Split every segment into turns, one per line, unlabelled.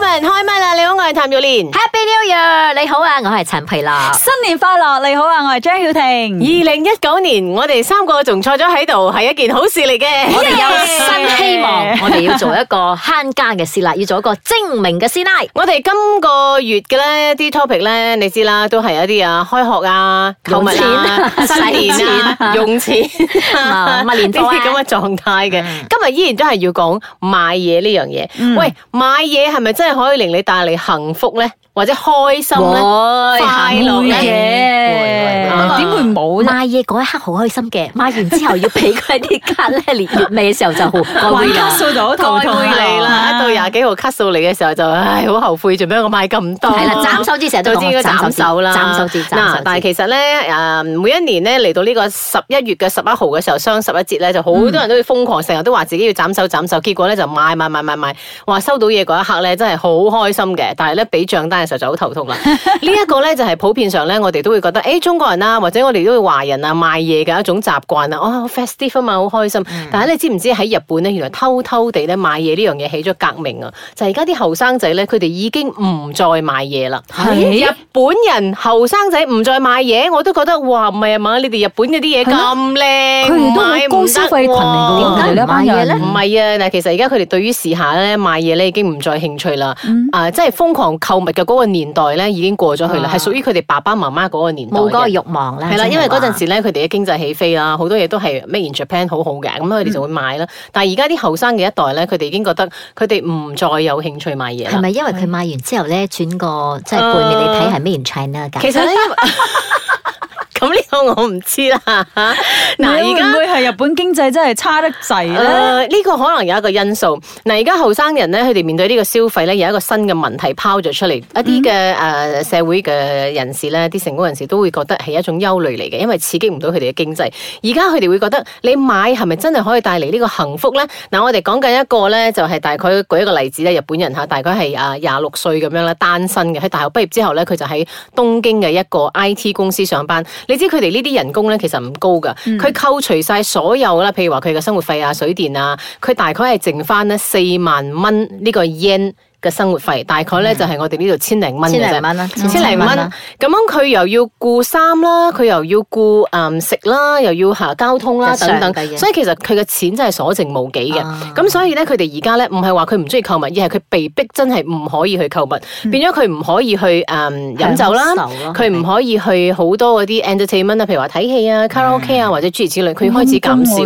開嘜啦！你好，我係譚耀廉。Happy New Year！你好啊，我係陳皮樂。新年快樂！你好啊，我係張曉婷。二零一九年，我哋三個仲坐咗喺度，係一件好事嚟嘅。我哋有新希望，我哋要做一個慳家嘅師奶，要做一個精明嘅師奶。我哋今個月嘅呢啲 topic 咧，你知啦，都係一啲啊，開學啊，購物啊，使錢啊，用錢啊，啊，年貨啊，呢啲咁嘅狀態嘅。今日依然都係要講買嘢呢樣嘢。喂，買嘢係咪真？即係可以令你帶嚟幸福咧，或者開心咧、快樂咧。點會冇買嘢嗰一刻好開心嘅，買完之後要俾佢啲卡咧，
連月尾嘅時候
就過背嘅，卡數就過背你啦。到廿幾號卡數嚟嘅時候就唉，好後悔，做咩我買咁多？係啦，斬手指成日都講斬手啦。斬手指嗱，但係其實咧誒，每一年咧嚟到呢個十一月嘅十一號嘅時候，雙十一節咧，就好多人都會瘋狂，成日都話自己要斬手斬手，結果咧就買買買買買，哇！收到嘢嗰一刻咧真係～好開心嘅，但係咧俾賬單嘅時候就好頭痛啦。 呢一個咧就係、是、普遍上咧，我哋都會覺得誒中國人啊，或者我哋都會華人啊買嘢嘅一種習慣啦、啊。好 festive 嘛，好開心。嗯、但係你知唔知喺日本咧，原來偷偷地咧買嘢呢樣嘢起咗革命啊！就係而家啲後生仔咧，佢哋已經唔再買嘢啦。日本人後生仔唔再買嘢，我都覺得哇，唔係啊嘛，你哋日本嗰啲嘢咁靚，佢唔係高消費、哦、群嚟噶嘛，點解唔買嘢咧？唔係啊，但其實而家佢哋對於時下咧買嘢咧已經唔再興趣啦。嗯、啊！即係瘋狂購物嘅嗰個年代咧，已經過咗去啦，係屬於佢哋爸爸媽媽嗰個年代冇嗰個欲望咧。係啦，因為嗰陣時咧，佢哋嘅經濟起飛啦，好多嘢都係 Made in Japan 好好嘅，咁佢哋就會買啦。嗯、但係而家啲後生嘅一代咧，佢哋已經覺得佢哋唔再有興趣買嘢啦。係咪
因為佢買完之後咧，轉、嗯、個即係背面你睇係 Made in China 噶？啊、其實呢。
咁、這、呢個我唔知啦。嗱，而家會係日本經濟真係差得滯咧。呢、呃這個可能有一個因素。嗱，而家後生人咧，佢哋面對呢個消費咧，有一個新嘅問題拋咗出嚟。一啲嘅社會嘅人士咧，啲、嗯、成功人士都會覺得係一種憂慮嚟嘅，因為刺激唔到佢哋嘅經濟。而家佢哋會覺得你買係咪真係可以帶嚟呢個幸福咧？嗱，我哋講緊一個咧，就係、是、大概舉一個例子咧。日本人吓，大概係啊廿六歲咁樣啦，單身嘅，喺大學畢業之後咧，佢就喺東京嘅一個 I T 公司上班。你知佢哋呢啲人工咧，其實唔高噶。佢、嗯、扣除晒所有啦，譬如話佢嘅生活費啊、水電啊，佢大概係剩翻咧四萬蚊呢個 yen。嘅生活費大概咧、嗯、就係、是、我哋呢度千零蚊蚊啦，千零蚊咁樣佢又要顧衫啦，佢又要顧誒、嗯、食啦，又要行交通啦等等。所以其實佢嘅錢真係所剩無幾嘅。咁、啊、所以咧，佢哋而家咧唔係話佢唔中意購物，而係佢被逼真係唔可以去購物，嗯、變咗佢唔可以去誒飲、嗯嗯、酒啦，佢唔、啊、可以去好多嗰啲 entertainment 啊，譬如話睇戲啊、卡拉 OK 啊或者諸如此類，佢開始減少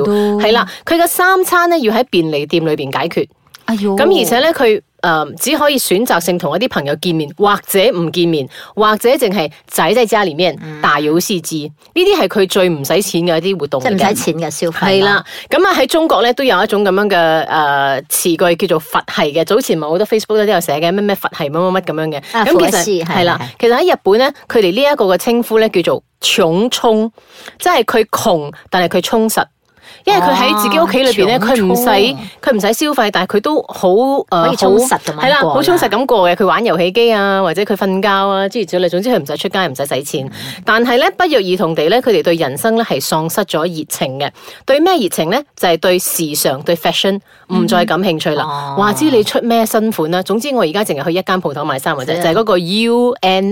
係啦。佢、嗯、嘅三餐咧要喺便利店裏邊解決。咁、哎、而且咧佢。誒、um,，只可以選擇性同一啲朋友見面，或者唔見面，或者淨係仔仔、家裏面大魚施字，呢啲係佢最唔使錢嘅一啲活動，即係唔使錢嘅消費、啊。係啦，咁啊喺中國咧都有一種咁樣嘅誒詞句叫做佛系嘅，早前咪好多 Facebook 都有寫嘅咩咩佛系乜乜乜咁樣嘅，咁其實係啦，其實喺日本咧，佢哋呢一個嘅稱呼咧叫做窮充，即係佢窮但係佢充實。因為佢喺自己屋企裏面，咧，佢唔使佢唔使消費，但係佢都好誒可以充實，係、呃、啦，好充實咁過嘅。佢玩遊戲機啊，或者佢瞓覺啊，諸如此類。總之佢唔使出街，唔使使錢。嗯、但係咧，不約而同地咧，佢哋對人生咧係喪失咗熱情嘅。對咩熱情咧？就係、是、對時尚、對 fashion 唔再感興趣啦。話、嗯嗯、知你出咩新款啦？總之我而家淨係去一間鋪頭買衫或者就係、是、嗰個 UNIQLO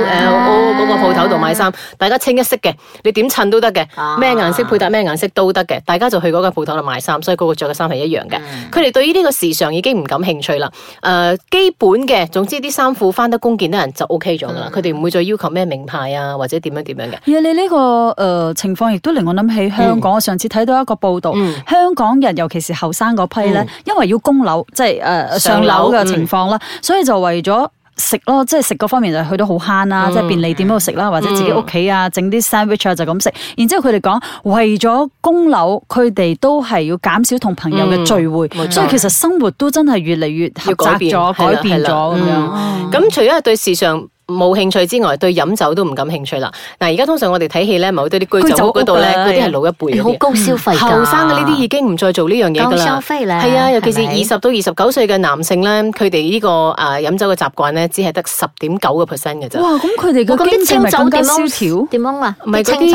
嗰個鋪頭度買衫、嗯。大家清一色嘅，你點襯都得嘅，咩、嗯、顏色配搭咩顏色都～得嘅，大家就去嗰個鋪頭度買衫，所以嗰個着嘅衫係一樣嘅。佢、嗯、哋對於呢個時尚已經唔感興趣啦。誒、呃，基本嘅，總之啲衫褲翻得工見得人就 OK 咗噶啦。佢哋唔會再要求咩名牌啊，或者點樣點樣嘅。
而你呢、這個誒、呃、情況，亦都令我諗起香港。嗯、我上次睇到一個報道，嗯、香港人尤其是後生嗰批咧，嗯、因為要供樓，即係誒、呃、上樓嘅情況啦，嗯、所以就為咗。食咯，即係食嗰方面就去到好慳啦，即係便利店嗰度食啦，或者自己屋企啊，整啲 sandwich 啊就咁食、嗯。然之後佢哋講，為咗供樓，佢哋都係要減少同朋友嘅聚會、嗯，所以其實生活都真係越嚟越狹窄咗，改變咗咁樣。
咁、嗯嗯、除咗係對時尚，冇興趣之外，對飲酒都唔感興趣啦。嗱，而家通常我哋睇戲咧，某好多啲居酒屋嗰度咧，嗰啲係老一輩。嘅、嗯。高消費，後生嘅呢啲已經唔再做呢樣嘢㗎啦。高消費咧，係啊，尤其是二十到二十九歲嘅男性咧，佢哋呢個啊、呃、飲酒嘅習慣咧，只係得十點九個 percent 嘅啫。咁佢哋咁啲清酒點樣？點樣啊？唔係嗰啲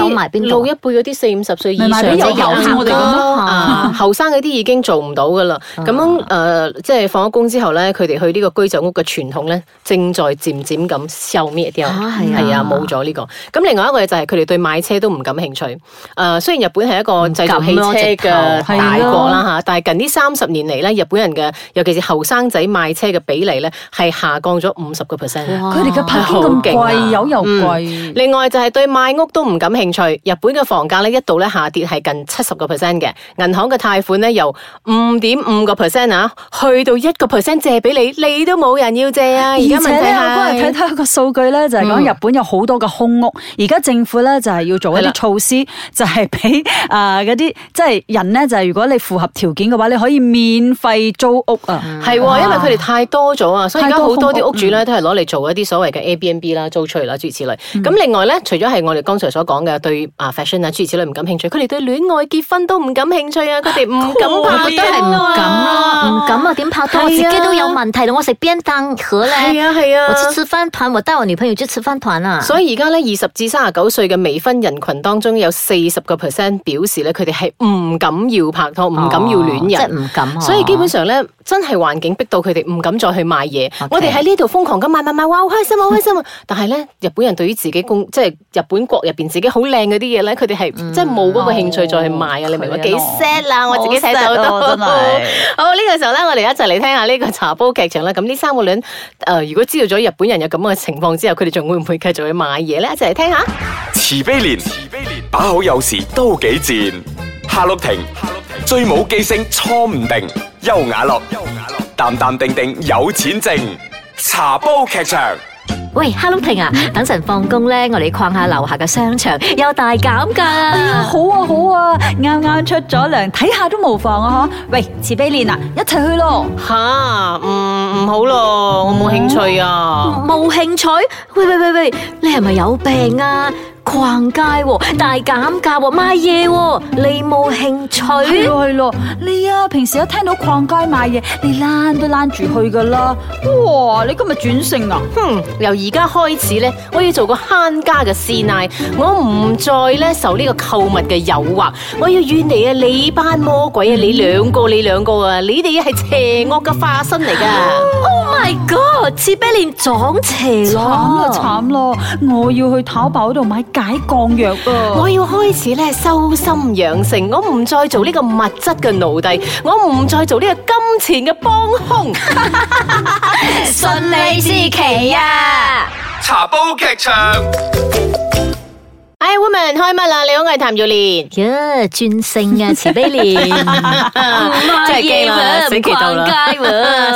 老一輩嗰啲四五十歲以上就有㗎啦。啊，後生嗰啲已經做唔到㗎啦。咁、嗯、樣誒、呃，即係放咗工之後咧，佢哋去呢個居酒屋嘅傳統咧，正在漸漸咁。又搣一啊，係啊，冇咗呢個。咁另外一個嘢就係佢哋對買車都唔感興趣。誒、呃，雖然日本係一個製造汽車嘅大國啦嚇、啊啊，但係近呢三十年嚟咧，日本人嘅尤其是後生仔買車嘅比例咧係下降咗五十個 percent。佢哋嘅排拖咁勁，貴油又、啊、貴、嗯。另外就係對買屋都唔感興趣。日本嘅房價咧一度咧下跌係近七十個 percent 嘅，銀行嘅貸款咧由五點五個 percent 啊，去到一個 percent 借俾你，你都冇人要借啊。而家咧，我睇到數據咧就
係講日本有好多嘅空屋，而家政府咧就係要做一啲措施就是，是呃、那些就係俾啊嗰啲即係人咧就係如果你符合條件嘅話，你可以免費租屋啊，係、嗯，因為佢哋太多咗啊，所以而家好多啲屋，屋主咧都
係攞嚟做一啲所謂嘅 Airbnb 啦，租出嚟啦，諸如此類。咁另外咧，除咗係我哋剛才所講嘅對啊 fashion 啊諸如此類唔感興趣，佢哋對戀愛結婚都唔感興趣啊，佢哋唔敢拍拖係啊，唔敢啊。唔敢啊，點拍拖？我自己都有問題，我食邊
凳好係啊係啊，我次次翻。我帶我女朋友去食飯團啊！所
以而家咧，二十至三十九歲嘅未婚人群當中有，有四十個 percent 表示咧，佢哋係唔敢要拍拖，唔、哦、敢要戀人，即係唔敢。所以基本上咧、哦，真係環境逼到佢哋唔敢再去買嘢。Okay. 我哋喺呢度瘋狂咁買買買，哇！好開心，好開心 但係咧，日本人對於自己公，即係日本國入邊自己好靚嗰啲嘢咧，佢哋係即係冇嗰個興趣再去買啊、哦！你明白嗎？幾、哦、sad 啊！我自己寫咗好呢、這個時候咧，我哋一齊嚟聽下呢個茶煲劇場啦。咁呢三個戀，誒、呃，如果知道咗日本人有咁嘅。情況之後，佢哋仲會唔會繼續去買嘢咧？一齊嚟聽下。
慈悲蓮，慈悲蓮，把口有時都幾賤。夏綠亭，夏綠亭，最冇記性，初唔定。優雅樂，優雅樂，淡淡定定有錢剩。
茶煲劇場。
喂，哈囉婷啊，等陣放工呢，我哋逛下樓下
嘅商場，有大減㗎！哎！好啊，好啊，啱啱出咗糧，睇下都無妨啊，喂，慈悲蓮啊，一齊去咯。吓、啊，唔、嗯、好咯，
我冇興趣啊。
冇、哦、興趣？喂喂喂喂，你係咪有病啊？逛街喎，大減價喎，買嘢喎，你冇興趣？係咯係咯，你啊，平時一聽到逛街買嘢，你攔都攔住去噶啦。
哇，你今日轉性啦？哼，由而家開始咧，我要做個慳家嘅師奶，我唔再咧受呢個購物嘅誘惑。我要遠離啊你班魔鬼啊，你兩個你兩個啊，你哋係邪惡嘅化身嚟噶。Oh my
god！似俾你撞邪咯！慘啦慘啦，我要去淘寶度買。
解降藥啊！我要開始咧修心養性，我唔再做呢個物質嘅奴隸，我唔再做呢個金錢嘅幫凶。
順利之期啊！茶
煲劇場。哎，woman 開嘜啦？你好，係譚玉蓮。呀，轉性 啊，慈悲蓮，真係 game 啊！唔逛街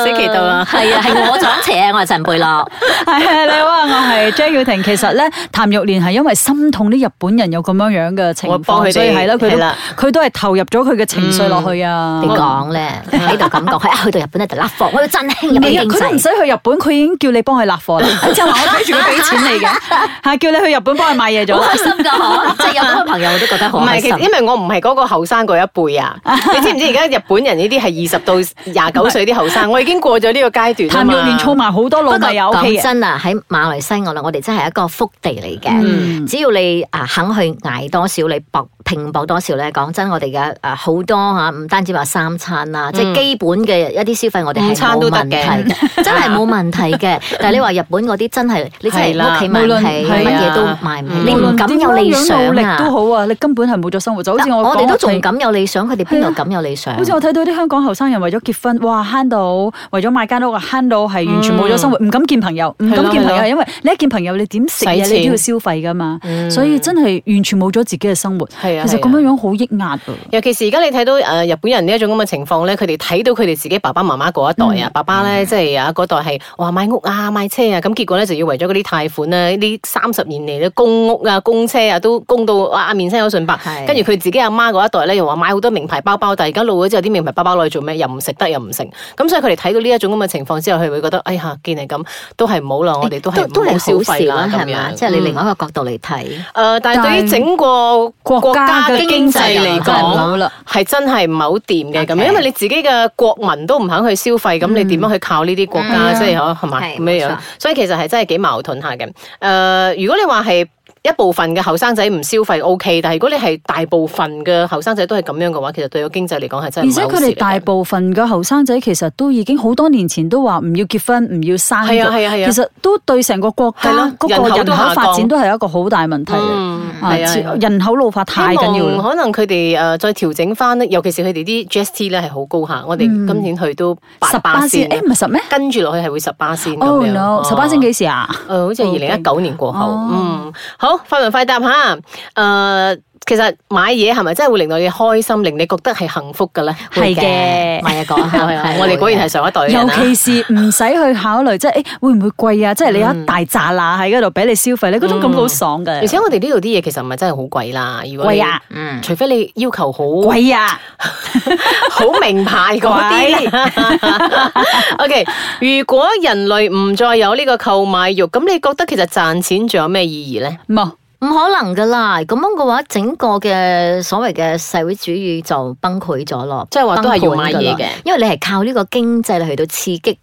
死期到
啦。係啊，係我撞邪啊！我係陳貝樂。係 啊，你好、啊，我係張耀婷。其實咧，譚玉蓮係因為心痛啲日本人有咁樣樣嘅情況，所以係咯，佢都佢都係投入咗佢嘅情緒落、嗯、去啊。點講咧？喺度咁講，去、啊、去到日本咧就立貨。我真係興真興，佢都唔使去日
本，佢已經叫你幫佢立貨啦。 就係話我
睇住佢俾錢你
嘅，吓、 啊、叫你去日本幫佢買嘢做。 即係有咁多朋友，我都覺得好唔係，唔係其實因為我唔係嗰個後生嗰一輩啊！ 你知唔知而家日本人呢啲係二十到廿九歲啲後生，我已經過咗呢個階段。譚玉蓮儲
埋好多耐，講真啊，喺、嗯、馬來西亞我哋真係一個福地嚟嘅、嗯。只要你啊肯去捱多少，你搏拼搏多少咧。講真，我哋嘅啊好多嚇，唔單止話三餐啦、啊嗯，即係基本嘅一啲消費，我哋餐都 係冇問題，真係冇問題嘅。但係你話日本嗰啲真係，你真係屋企買唔起，乜嘢都
買唔起，嗯、你唔敢有理努力都好啊，你，啊你根本係冇咗生活，就好似我講，我哋都仲敢
有理想，佢哋邊度敢有理想？啊、好似我
睇到啲香港後生人為咗結婚，哇慳到，為咗買間屋慳到，係完全冇咗生活，唔、嗯、敢見朋友，唔敢見朋友，因為你一見朋友，你點食嘢你都要消費噶嘛、嗯，所以真係完全冇咗自己嘅生活。係啊，其實咁樣樣好抑壓、啊
啊、尤其是而家你睇到誒日本人呢一種咁嘅情況咧，佢哋睇到佢哋自己爸爸媽媽嗰一代啊、嗯，爸爸咧即係啊嗰代係話買屋啊買車啊，咁結果咧就要為咗嗰啲貸款啊啲三十年嚟嘅供屋啊供車啊。都供到啊！阿面生有唇白，跟住佢自己阿媽嗰一代咧，又話買好多名牌包包，但而家老咗之後，啲名牌包包攞去做咩？又唔食得，又唔食。咁所以佢哋睇到呢一種咁嘅情況之後，佢會覺得：哎呀，見你咁都係唔好啦、欸。我哋都係都好少消費啦，係咪？即係你另外一個角度嚟睇。誒、嗯呃，但係對於整個國家嘅經濟嚟講，係真係唔係好掂嘅。咁、okay. 因為你自己嘅國民都唔肯去消費，咁、嗯、你點樣去靠呢啲國家？即係可係嘛？咩、嗯、樣，所以其實係真係幾矛盾下嘅。誒、呃，如果你話係。一部分嘅後生仔唔消費 O K，但係如果你係大部分嘅後生仔都係咁樣嘅話，其實對個經濟嚟講係真係。而且佢哋
大部分嘅後生仔其實都已經好多年前都話唔要結婚，唔要生。係啊係啊係啊！其實都對成個國家嗰、啊嗰個人口、人口發展都係一個好大問題、嗯
啊啊啊啊。人口老化太緊要。可能佢哋誒再調整翻，尤其是佢哋啲 G S T 咧係好高吓。我哋今年去都十八先，十、嗯、咩？跟住落去係會十八先。Oh no！十八先幾時啊、哦？好似係二零一九年過後。Okay. 哦嗯好，快問，快答嚇，誒。其實買嘢係咪真係會令到你開心，令你覺得係幸福嘅咧？係嘅，咪啊講下， 我哋果然係上一代尤其是
唔使去考慮、
就是欸啊嗯，即係誒，會唔會貴啊？即係你有一大扎啦喺嗰度俾你消費，你嗰種感覺好爽嘅，嗯就是。而且我哋呢度啲嘢其實唔係真係好貴啦，如果貴啊，嗯，除非你要求好貴啊，好 名牌嗰啲。 OK，如果人類唔再有呢個購買慾，咁你覺得其實賺錢仲有咩意義咧？冇。唔可
能噶啦，咁樣嘅話，整個嘅所謂嘅社會主義就崩潰咗咯。
即係話都係要買嘢嘅，
因為你係靠呢個經濟嚟去到刺激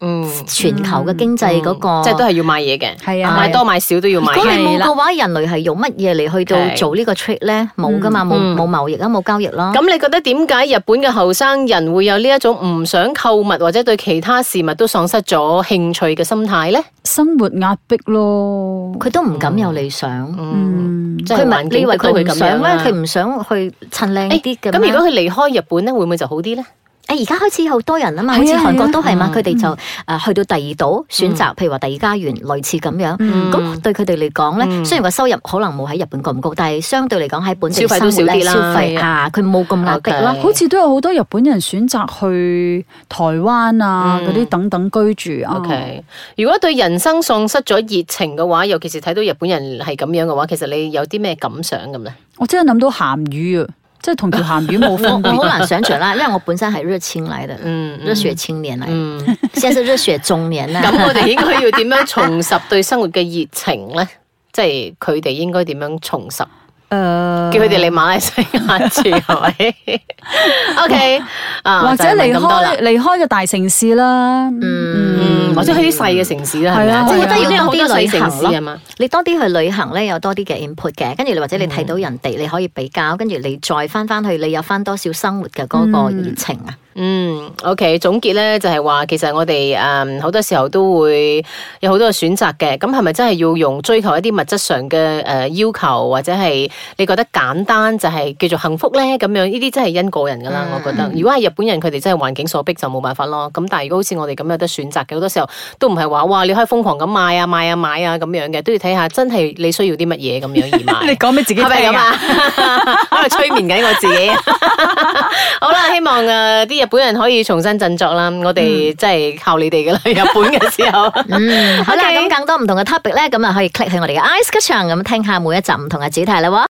全球嘅經濟嗰、嗰個。嗯嗯嗯、即係都係
要買嘢嘅，係啊，買多買少都要買係啊。如果你冇嘅話係，
人類係用乜嘢嚟去到做呢個 trick 呢個 t r i c k 咧？冇噶嘛，冇冇貿易啦，冇交易啦。
咁、嗯、你覺得點解日本嘅後生人會有呢一種唔想購物或者對其他事物都喪失咗興趣嘅心態咧？
生活壓迫咯，佢都唔敢有理想。嗯嗯嗯，佢唔你話佢唔想咩？佢、嗯、唔想，、啊、想去襯靚啲
嘅。咁、欸、如果佢離開日本咧，會唔會
就好啲咧？誒，而家開始好多人啊嘛，好似、啊、韓國都係嘛，佢哋、啊啊、就誒、嗯、去到第二島選擇，譬、嗯、如話第二家園，類似咁樣。咁、嗯、對佢哋嚟講咧，雖然話收入可能冇喺日本咁高，但係相對嚟講喺本地消費都少啲啦。消費啊，佢冇
咁壓迫啦。Okay, 好似都有好多日本人選擇去台灣啊嗰啲、嗯、等等居住啊。Okay,
如果對人生喪失咗熱情嘅話，尤其是睇到日本人係咁樣嘅話，其實你有啲咩感想咁咧？
我真係諗到鹹魚啊！即係同條鹹魚冇分別。 我，好難想象，因為
我本身係熱
情來的，嗯，熱血
青年來的 現在是熱血中年啦 咁我哋應該要點樣重拾對生活嘅熱情呢？即係佢哋應該點樣重拾？誒、uh...，叫佢哋嚟馬來西亞住係咪？OK，
或者離開離、啊就是、開嘅大城市啦，嗯，嗯，或者去啲細嘅
城市啦，係、嗯、咪？即係都要多啲旅行咯。
你多啲去旅行咧，有多啲嘅 input 嘅，跟住你或者你睇到人哋，你可以比較，跟住你再翻翻去，你有翻多少生活嘅嗰個熱情啊？嗯
嗯，OK，總結咧就係話，其實我哋誒好多時候都會有好多嘅選擇嘅。咁係咪真係要用追求一啲物質上嘅誒、呃、要求，或者係你覺得簡單就係叫做幸福咧？咁樣呢啲真係因個人噶啦。我覺得、嗯、如果係日本人，佢哋真係環境所逼就冇辦法咯。咁但係如果好似我哋咁樣有得選擇嘅，好多時候都唔係話哇，你可以瘋狂咁買啊買啊買啊咁、啊、樣嘅，都要睇下真係你需要啲乜嘢咁樣而買。 你講俾自己聽啊！喺 度 催眠緊我自己。 好啦，希望啲、呃本人可以重新振作啦！我哋真係靠你哋噶啦， 日本嘅時
候。 嗯，好啦、okay，更多唔同嘅 topic 咧，咁啊可以 click 去我哋嘅 ice kitchen 咁聽下每一集唔同嘅主題啦。